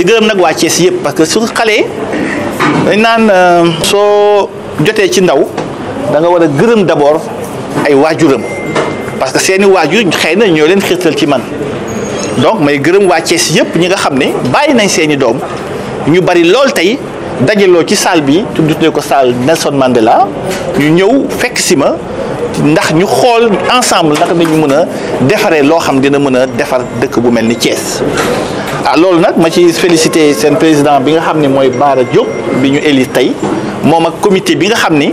digeureum nak wacce ci yep parce que sur xalé nan eh, so joté ci ndaw da nga wara geureum d'abord ay wajuram parce que seni waju xeyna ñoo leen xirtal ci man donc may geureum wacce ci yep ñi nga xamné bayi nañ seni dom ñu bari lol tay dajelo ci salle bi tuddu ko salle Nelson Mandela ñu ñew fekk ci ma ndax ñu xool ensemble ndax dañu mën a defaree loo xam dina mën a defar dëkk bu mel ni Thiès ah loolu nag ma ci félicité seen président bi nga xam ne mooy Bara Diop bi ñu élire tey moom ak comité bi nga xam ni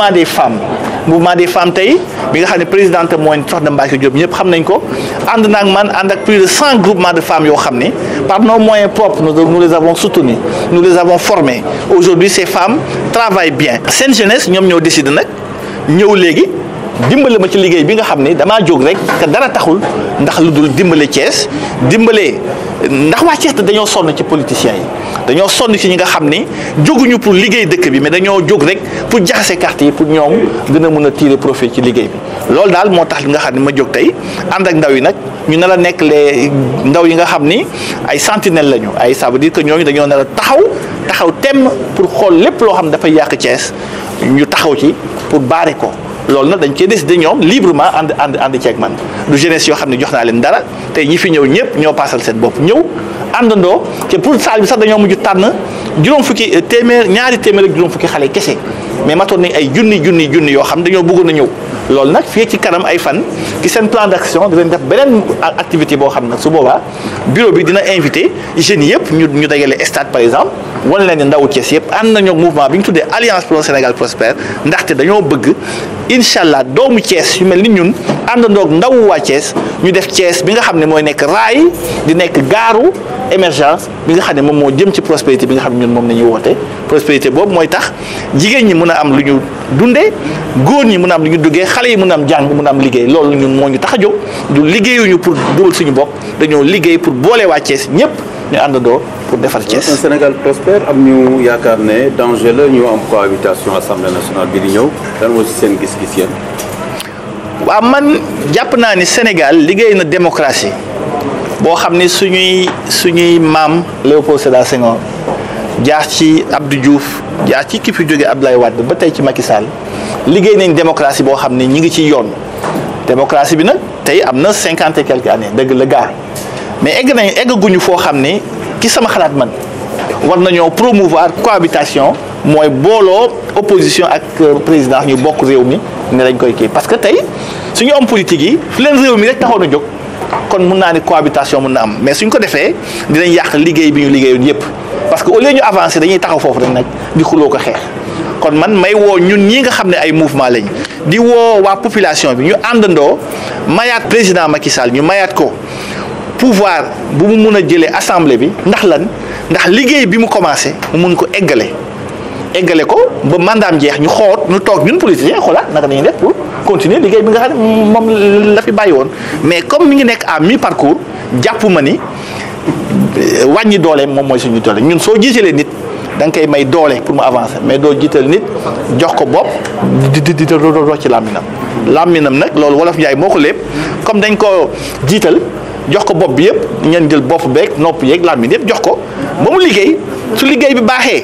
des femmes mouvement des femmes tay bi nga xam présidente mooy de Mbacké Diop ñep xam ko man plus de 100 groupements de femmes yo xamné par nos moyens propres nous les avons soutenus nous les avons formés aujourd'hui ces femmes travaillent bien une jeunesse nous ñoo décidé nous ñew légui dimbale ma ci liggéey bi nga xam ne damaa jóg rek te dara taxul ndax lu dul dimbale Thiès dimbale ndax waa Thiès dañoo sonn ci politiciens yi dañoo sonn ci ñi nga xam ni jóguñu pour liggéey dëkk bi mais dañoo jóg rek pour jaxase carte yi pour ñoom gën a mën a tirer profit ci liggéey bi loolu daal moo tax li nga xam ne ma jóg tey ànd ak ndaw yi nag ñu ne la nekk lee ndaw yi nga xam ni ay sentinelle lañu ay ça veut dire ñooñu dañoo nar a taxaw taxaw tem pour xool lépp loo xam dafay yàq Thiès ñu taxaw ci pour baare ko loolu nag dañ cee décidé ñoom librement ànd ànd ànd ceeg man du jeunesse yoo xam ne jox naa leen dara tey ñi fi ñëw ñëpp ñoo paasal seen bopp ñëw àndandoo te pour salle bi sax dañoo mujj tànn juróom fukki eh, téeméer ñaari téeméer ak juróom fukki xale kese mais matoon ay junni junni junni yo xam dañu bëggoon na ñëw lool nak fi ci kanam ay fan ci seen plan d'action dinañ def benen activité bo xam nag su boba bureau bi dina inviter jeunes yépp ñu ñu dajale stade par exemple wan leen ne ndawu Thiès yëpp ànd nañoo mouvement bi ñu tuddee alliance pour le Sénégal prospère ndax té dañu bëgg inshallah doomu Thiès yu mel ni ñun ndok ndaw wa Thiès ñu def Thiès bi nga xamné moy nek ray di nek garu émergence bi nga xamné mom mo jëm ci prospérité bi nga xamné ñun mom la woté prospérité boobu moy tax jigéen ñi mën a am lu ñu dundee góor ñi mun a am lu ñu duggee xale yi mun a am jàng mën a am liggéey loolu ñun moo ñu tax a jóg du liggéeyuñu pour dugal suñu bopp dañoo liggéey pour boole waa Thiès ñëpp ñu àndandoo pour defar Thiès. un Sénégal prospère am ñu yaakaar ne danger la ñu am cohabitation assemblée nationale bi di ñëw lan moo si seen gis-gis yéen. waaw man jàpp naa ni Sénégal liggéey na démocratie boo xam ni suñuy suñuy maam Léopold Sédar Senghor. jaar ci Abdou Diouf jaar ki fi joge Abdoulaye Wade ba tey ci Macky Sall liggéey nañ démocratie bo xamné ñi ngi ci yoon démocratie bi nag tay amna 50 et quelques années dëgg le gars mais egg nañ eggaguñu foo xam ne ci sama xalaat man war nañu promouvoir cohabitation moy bolo opposition ak euh, président ñu bokk réew mi né lañ koy ké parce que tay suñu homme politique yi fi leen réew mi rek taxoon a kon mun naa ni cohabitation mun na am mais suñ ko defee dinañ yàq liggéey bi ñu liggéey yépp parce que au lieu ñu avancer dañuy taxaw foofu rek nag di xuloo ko xeex kon man may woo ñun ñi nga xam ne ay mouvement lañ di woo waa population bi ñu àndandoo mayaat président Macky Sall ñu mayaat ko pouvoir bu mu mun a jëlee assemblée bi ndax lan ndax liggéey bi mu commencé mu mun ko eggale eggale ko ba mandaam jeex ñu xoot ñu toog ñun politiciens xoolaat naka nañu continuer liggéey bi nga xam moom la fi bàyyi woon mais comme mi ngi nekk à mi parcours jàpp ma ni euh, wàññi doole moom mooy suñu doole ñun soo jiitalee nit da koy may doole pour mu avancer mais doo jiital nit jox ko bopp di di di doo ci làmminam làmminam nag loolu wolof Njaay moo ko lépp comme dañ ko jiital jox ko bopp bi yëpp ñeen jël bopp beeg nopp yeeg làmmin yëpp jox ko ba mu liggéey su liggéey bi baaxee.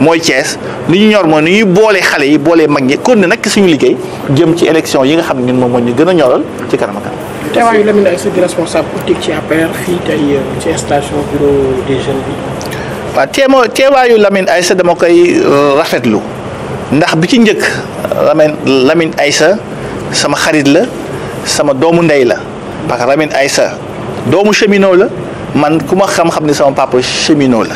mooy Thiès li ñu ñor mooy ni ñuy boolee xale yi boolee mag ñi kon ne nag suñu liggéey jëm ci élection yi nga xam ne ñun moom moo ñu gën a ñoral ci kanama ak kanam teewaayu Lamine Aissa di ci APR fii tey euh, ci station bureau des jeunes dama koy euh, rafetlu ndax bi ci njëkk lamin Lamine Aissa sama xarit la sama doomu ndey la parce que Lamine doomu cheminot la man ku ma xam-xam ne sama papa cheminot la.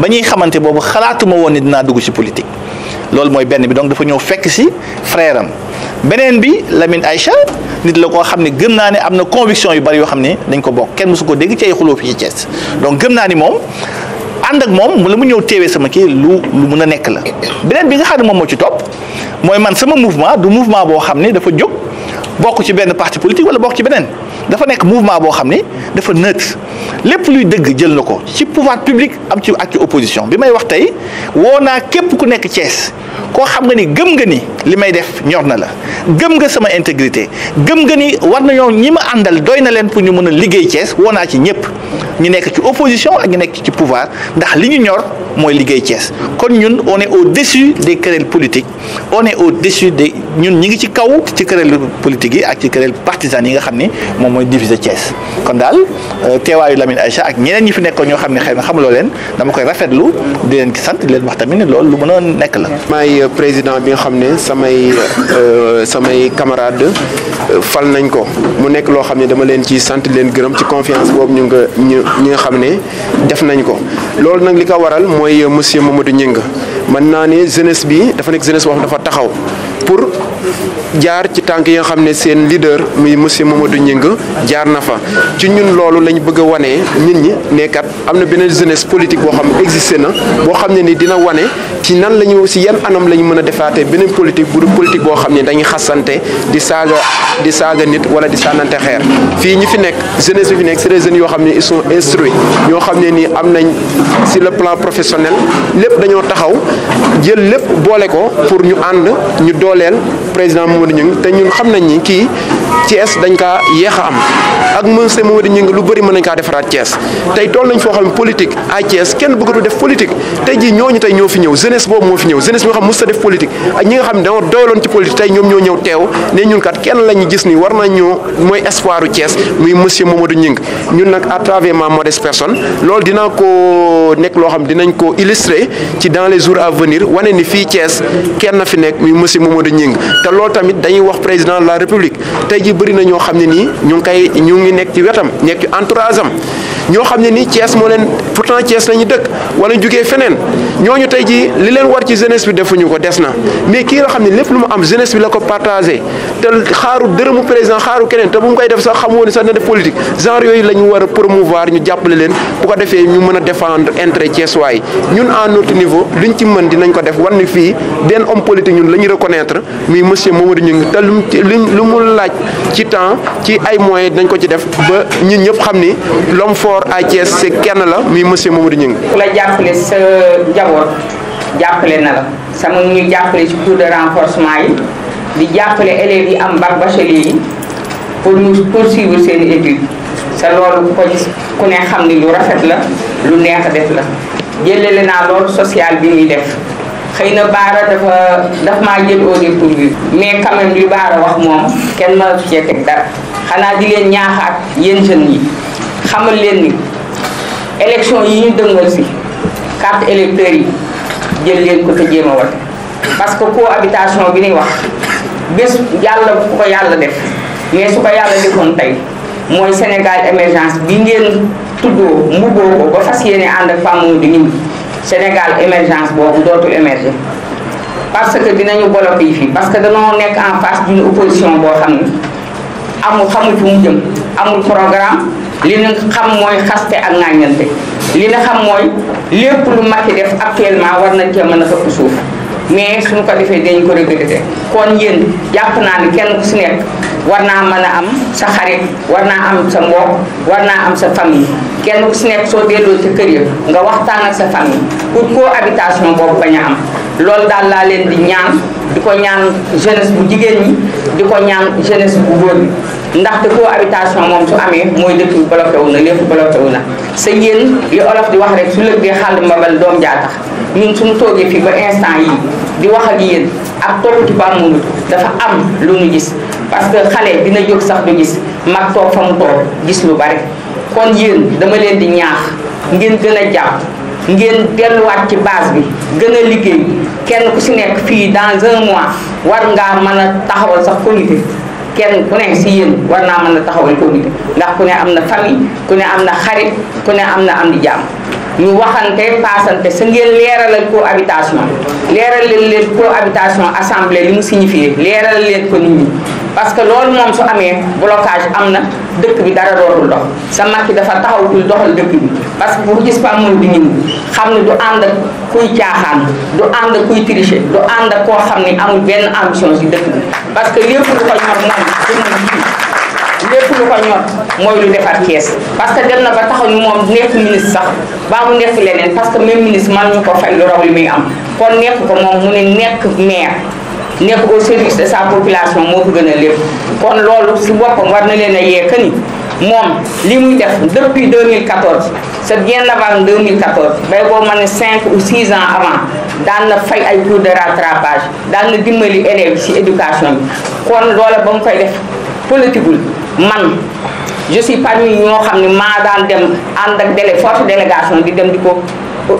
ba ñuy xamante boobu xalaatuma woon ni dinaa dugg ci politique loolu mooy benn bi donc dafa ñëw fekk si frère am beneen bi ay Aïcha nit la koo xam ne gën naa ne am na conviction yu bari yoo xam ne dañ ko bokk kenn mësu ko dégg ci ay xuloo fi ci Thiès donc gëm naa ni moom ànd ak moom la mu ñëw teewee sama kii lu lu mun a nekk la beneen bi nga xam ne moom moo ci topp mooy man sama mouvement du mouvement boo xam ne dafa jóg bokk ci benn parti politique wala bokk ci beneen. dafa nek mouvement bo xamni dafa neutre lepp luy deug jël na ci pouvoir public am ci ak ci opposition bi may wax tay woo naa képp ku nek ties ko xam nga ni gem nga ni li may def ñor na la gëm nga sama intégrité gëm nga ni war nañoo ñi ma andal doy na pour ñu mëna a liggéey Thiès woo ci ñepp ñu nekk ci opposition ak ñu nekk ci pouvoir ndax li ñu ñor moy liggéey Thiès kon ñun on est au-dessus des querelles politiques on est au-dessus des ñun ñi ngi ci kaw ci querelle politique yi ak ci querelle partisane yi nga xam mom moy mooy diviser Thiès kon dal euh, teewaayu Lamine Aïcha ak ñeneen ñi fi nekk ñoo xam ne xëy na leen dama koy rafetlu di leen ci sant di leen wax tamit loolu lu nekk la. maay euh, président bi nga xam samay euh, samay camarades euh, fal nañ ko mu nekk loo xam ne dama leen ci sant leen gërëm ci confiance boobu ñu nga ñu ñi nga xam ne def nañ ko loolu nag li ko waral mooy euh, monsieur Mamadou Ngingue mën naa ne jeunesse bi dafa nekk jeunesse boo xam dafa taxaw pour jaar ci tànk yi nga xam ne seen leader muy monsieur Mamadou Gningue jaar na fa ci ñun loolu lañ bëgg wane nit ñi nekkat am na beneen jeunesse politique boo xam ne existé na boo xam ne ni dina wane ci nan la ñu si yan anam la ñu mën a defaatee beneen politique bu dul politique boo xam ne dañuy xasante di saaga di saaga nit wala di sànnante xeer fii ñu fi nekk jeunesse bi fi nekk c'est des jeunes yoo xam ne ils sont ñoo xam ne nii am nañ si le plan professionnel lépp dañoo taxaw dooleel président Mamadou Niang te ñun xam nañ ni kii Thiès dañ kaa yéex a am ak monsieur Mamadou Gningue lu bari mën nañ kaa defaraat Thiès tey tool nañ foo xam ne politique à Thiès kenn bëggatu def politique tey jii ñooñu tey ñoo fi ñëw jeunesse boobu moo fi ñëw jeunesse bi nga xam mos a def politique ak ñi nga xam ne dañoo doyloon ci politique tey ñoom ñoo ñëw teew ne ñun kat kenn lañu gis ni war nañ ñoo mooy espoiru Thiès muy monsieur Mamadou Gningue ñun nag à travers ma modeste personne loolu dina ko nekk loo xam dinañ ko illustrer ci dans les jours à venir wane ni fii Thiès kenn fi nekk muy monsieur Mamadou Gningue te loolu tamit dañuy wax président la république tey ji bëri na ñoo xam ne nii ñu ngi koy ñu ngi nekk ci wetam nekk ci entourage am ñoo xam ne nii Thiès moo leen pourtant Thiès la ñu dëkk wala jugee feneen ñu tey jii li leen war ci jeunesse bi defuñu ko des na mais kii nga xam ne lépp lu mu am jeunesse la ko partagé te xaaru dërëmu président xaaru keneen te bu koy def sax xamoo ne sax na def genre yooyu la war a promouvoir ñu jàppale leen bu ko defee ñu mën a défendre intérêt Thiès waay ñun à notre niveau ci mën dinañ ko def wan fii benn homme politique ñun la ñu reconnaître muy monsieur Mamadou Ngingue te lu lu mu laaj ci temps ci ay moyens dinañ ko ci def ba ñun ñëpp xam ni l'homme fort sport à Thiès si kenn la muy monsieur Mamadou ku la jàppale sa njaboot jàppale na la sama ñu jàppale si cours de renforcement yi di jàppale élèves yi am bac bachelier yi pour ñu poursuivre seen études te loolu ko gis ku ne xam ni lu rafet la lu neex a def la jëlale naa loolu social bi muy def xëy na Baara dafa dafa maa jël au dépourvu mais quand même Baara wax moom kenn ma la fi cee teg dara xanaa di leen ñaaxaat yéen yi. xamal leen ni élection yi ñu dëngal si carte électeur yi jël leen ko te jéem a parce que cohabitation bi ñuy wax bés yàlla ku ko yàlla def mais su ko yàlla defoon mooy Sénégal émergence bi ngeen tuddoo mbubboo ko ba fas yéene ànd ak fàmmu di ñun Sénégal émergence boobu dootul émerger parce que dinañu bloqué yi fii parce que danoo nekk en face d'une opposition boo xam ne amul xamul fu mu jëm amul programme li ñu xam mooy xaste ak ŋàññante li ñu xam mooy lépp lu Macky def actuellement war nañ cee mën a xëpp suuf mais suñ ko defee dañ ko regretté kon yéen jàpp naa ne kenn ku si war naa mën a am sa xarit war naa am sa mbokk war naa am sa famille kenn ku si soo delloo ci kër ya nga waxtaan ak sa famille pour cohabitation boobu bañ a am loolu daal laa leen di ñaan di ko ñaan jeunesse bu jigéen ñi di ko ñaan jeunesse bu góor ñi ndaxte cohabitation moom su amee mooy dëkk bi wu na lépp bloqué wu na sa yéen li olof di wax rek su lëg dee ma mbabal doom jaa tax ñun suñu toogee fii ba instant yi di wax ak yéen ak topp ci Pape Modou dafa am lu ñu gis parce que xale dina jóg sax du gis mag toog fa mu gis lu bari kon yéen dama leen di ñaax ngeen gën a jàpp ngeen delluwaat ci base bi gën a liggéey kenn ku si nekk fii dans un mois war ngaa mën a taxawal sax comité kenn ku ne si yéen war naa mën a taxawal comité ndax ku ne am na famille ku ne am na xarit ku ne am na am di jàmm ñu waxante paasante sa ngeen leeralal cohabitation leeral leen leen cohabitation assemblée li mu signifié leeral leen ko nit ñi parce que loolu moom su amee blocage am na dëkk bi dara dootul dox sa Macky dafa taxawatul doxal dëkk bi parce que bu gis Pape Modou xam ne du ànd ak kuy caaxaan du ànd ak kuy tricher du ànd ak koo xam ne amul benn ambition si dëkk bi parce que lépp lu ko ñor moom jëmm lu ko ñor mooy defar Thiès parce que dem na ba tax ni moom nekk ministre sax baa mu nekk leneen parce que même ministre man ñu ko fay lu raw li muy am kon nekk ko moom mu ne nekk maire nekk au service de sa population moo ko gën a kon loolu si boppam war na leen a yee ni moom lii muy def depuis 2014 c'est bien deux avant 2014 bay boo ma ne cinq ou 6 ans avant daan na fay ay cours de rattrapage daan na dimbali élèves si éducation bi kon loola ba mu koy def politikul man je suis parmi ñoo xam ne maa daan dem ànd ak délé forte délégation di dem di ko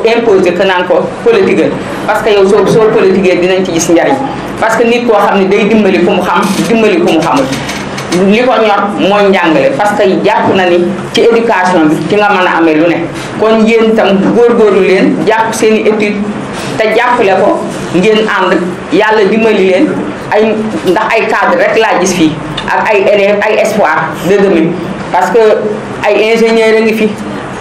imposer que naan ko politique parce que yow soo soo politique dinañ ci gis njariñ parce que nit koo xam ne day dimbali ku mu xam dimbali ku mu xamul li ko ñor mooy njàngale parce que jàpp na ni ci éducation bi ci nga mën a amee lu ne kon yéen itam góorgóorlu leen jàpp seen i étude te jàppale ko ngeen ànd yàlla dimbali leen ay ndax ay cadre rek laa gis fii ak ay élèves ay espoir de demain parce que ay ingénieurs a ngi fi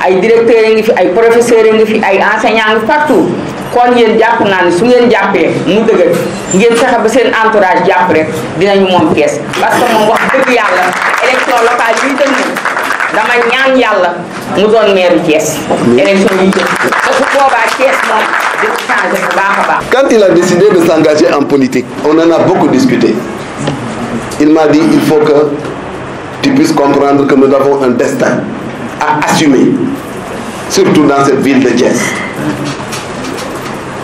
ay directeurs a ngi fi ay professeurs a ngi fi ay enseignants a ngi partout kon yéen jàpp naa ne su ngeen jàppee mu dëgër ngeen fexe ba seen entourage jàpp rek dinañu mom kees parce que mom wax deug yalla élection locale yuy dëgg dama ñaan yalla mu doon meeru Thiès. élection yi jëm te su boobaa Thiès moom dina changer bu baax a quand il a décidé de s'engager en politique. on en a beaucoup discuté il m'a dit il faut que tu puisses comprendre que nous avons un destin à assumer surtout dans cette ville de Thiès.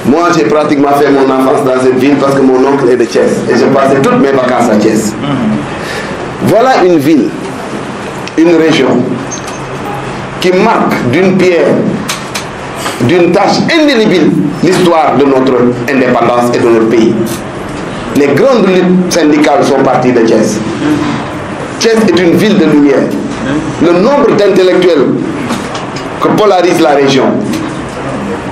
Moi, j'ai pratiquement fait mon enfance dans cette ville parce que mon oncle est de Thiès et j'ai passé toutes mes vacances à Thiès. Voilà une ville, une région qui marque d'une pierre, d'une tâche indélébile l'histoire de notre indépendance et de notre pays. Les grandes luttes syndicales sont parties de Thiès. Thiès est une ville de lumière. Le nombre d'intellectuels que polarise la région,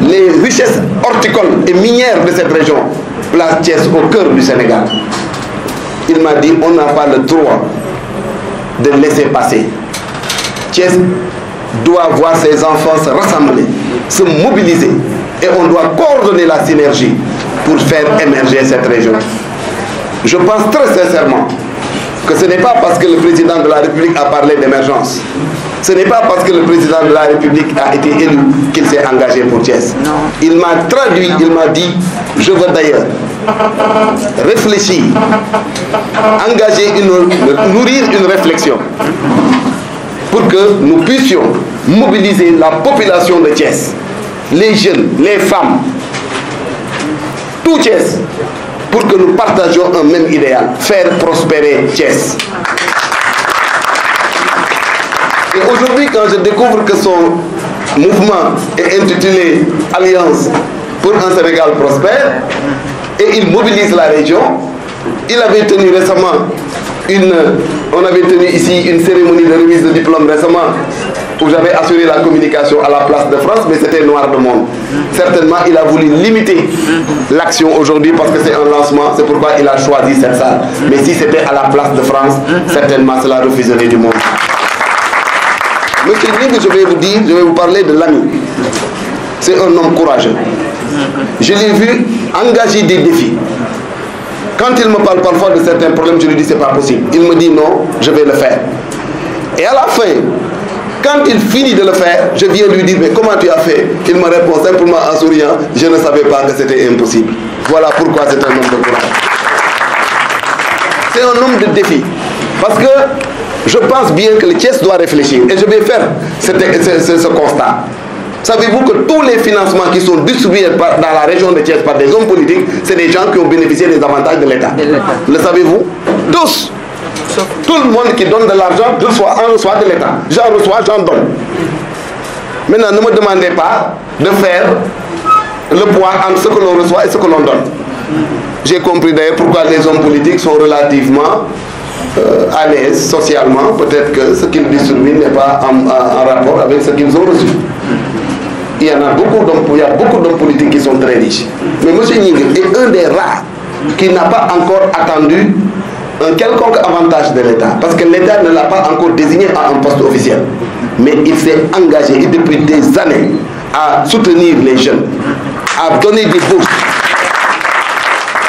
les richesses horticoles et minières de cette région place Thiès au cœur du Sénégal. Il m'a dit on n'a pas le droit de laisser passer. Thiès doit voir ses enfants se rassembler, se mobiliser et on doit coordonner la synergie pour faire émerger cette région. Je pense très sincèrement que ce n'est pas parce que le président de la République a parlé d'émergence ce n'est pas parce que le président de la République a été élu qu'il s'est engagé pour Thiès. Il m'a traduit, il m'a dit, je veux d'ailleurs réfléchir, engager une, nourrir une réflexion pour que nous puissions mobiliser la population de Thiès, les jeunes, les femmes, tout Thiès, pour que nous partagions un même idéal, faire prospérer Thiès. Et aujourd'hui, quand je découvre que son mouvement est intitulé Alliance pour un Sénégal prospère, et il mobilise la région, il avait tenu récemment une, on avait tenu ici une cérémonie de remise de diplôme récemment où j'avais assuré la communication à la place de France, mais c'était noir de monde. Certainement, il a voulu limiter l'action aujourd'hui parce que c'est un lancement, c'est pourquoi il a choisi cette salle. Mais si c'était à la place de France, certainement cela refuserait du monde. Monsieur Ligue, je vais vous dire, je vais vous parler de l'ami. C'est un homme courageux. Je l'ai vu engager des défis. Quand il me parle parfois de certains problèmes, je lui dis c'est pas possible. Il me dit non, je vais le faire. Et à la fin, quand il finit de le faire, je viens lui dire mais comment tu as fait Il me répond simplement en souriant, je ne savais pas que c'était impossible. Voilà pourquoi c'est un homme de courage. C'est un homme de défi. Parce que je pense bien que le Thiès doit réfléchir et je vais faire ce, constat. Savez-vous que tous les financements qui sont distribués dans la région de Thiès par des hommes politiques, c'est des gens qui ont bénéficié des avantages de l'État Le savez-vous Tous Tout le monde qui donne de l'argent fois en reçoit de l'État. J'en reçois, j'en donne. Maintenant, ne me demandez pas de faire le poids entre ce que l'on reçoit et ce que l'on donne. J'ai compris d'ailleurs pourquoi les hommes politiques sont relativement euh, à l'aise socialement, peut-être que ce qu'ils lui n'est pas en, rapport avec ce qu'ils ont reçu. Il y en a beaucoup d'hommes politiques qui sont très riches. Mais M. Nyingue est un des rares qui n'a pas encore attendu un quelconque avantage de l'État, parce que l'État ne l'a pas encore désigné à un poste officiel. Mais il s'est engagé depuis des années à soutenir les jeunes, à donner des bourses.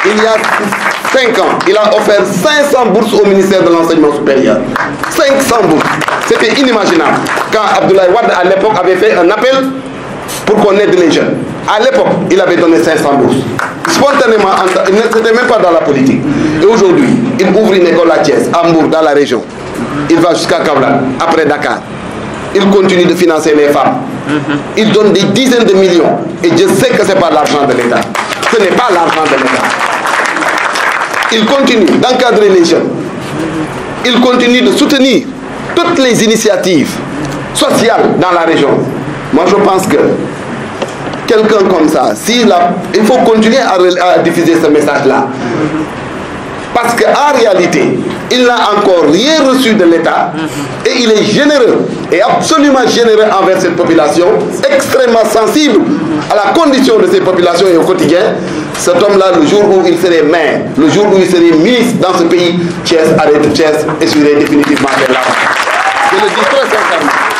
Il y a 5 ans, il a offert 500 bourses au ministère de l'enseignement supérieur. 500 bourses. C'était inimaginable. Quand Abdoulaye Wade, à l'époque, avait fait un appel pour qu'on aide les jeunes. À l'époque, il avait donné 500 bourses. Spontanément, il n'était même pas dans la politique. Et aujourd'hui, il ouvre une école à Thiès, à dans la région. Il va jusqu'à Kabla après Dakar. Il continue de financer les femmes. Il donne des dizaines de millions. Et je sais que ce n'est pas l'argent de l'État. Ce n'est pas l'argent de l'État il continue d'encadrer les jeunes. Il continue de soutenir toutes les initiatives sociales dans la région. Moi, je pense que quelqu'un comme ça, si il faut continuer à, à diffuser ce message-là. Parce qu'en réalité, il n'a encore rien reçu de l'État et il est généreux et absolument généreux envers cette population, extrêmement sensible à la condition de ces populations et au quotidien. Cet homme-là, le jour où il serait maire, le jour où il serait mis dans ce pays, Thiès arrête Thiès et serait définitivement là. Je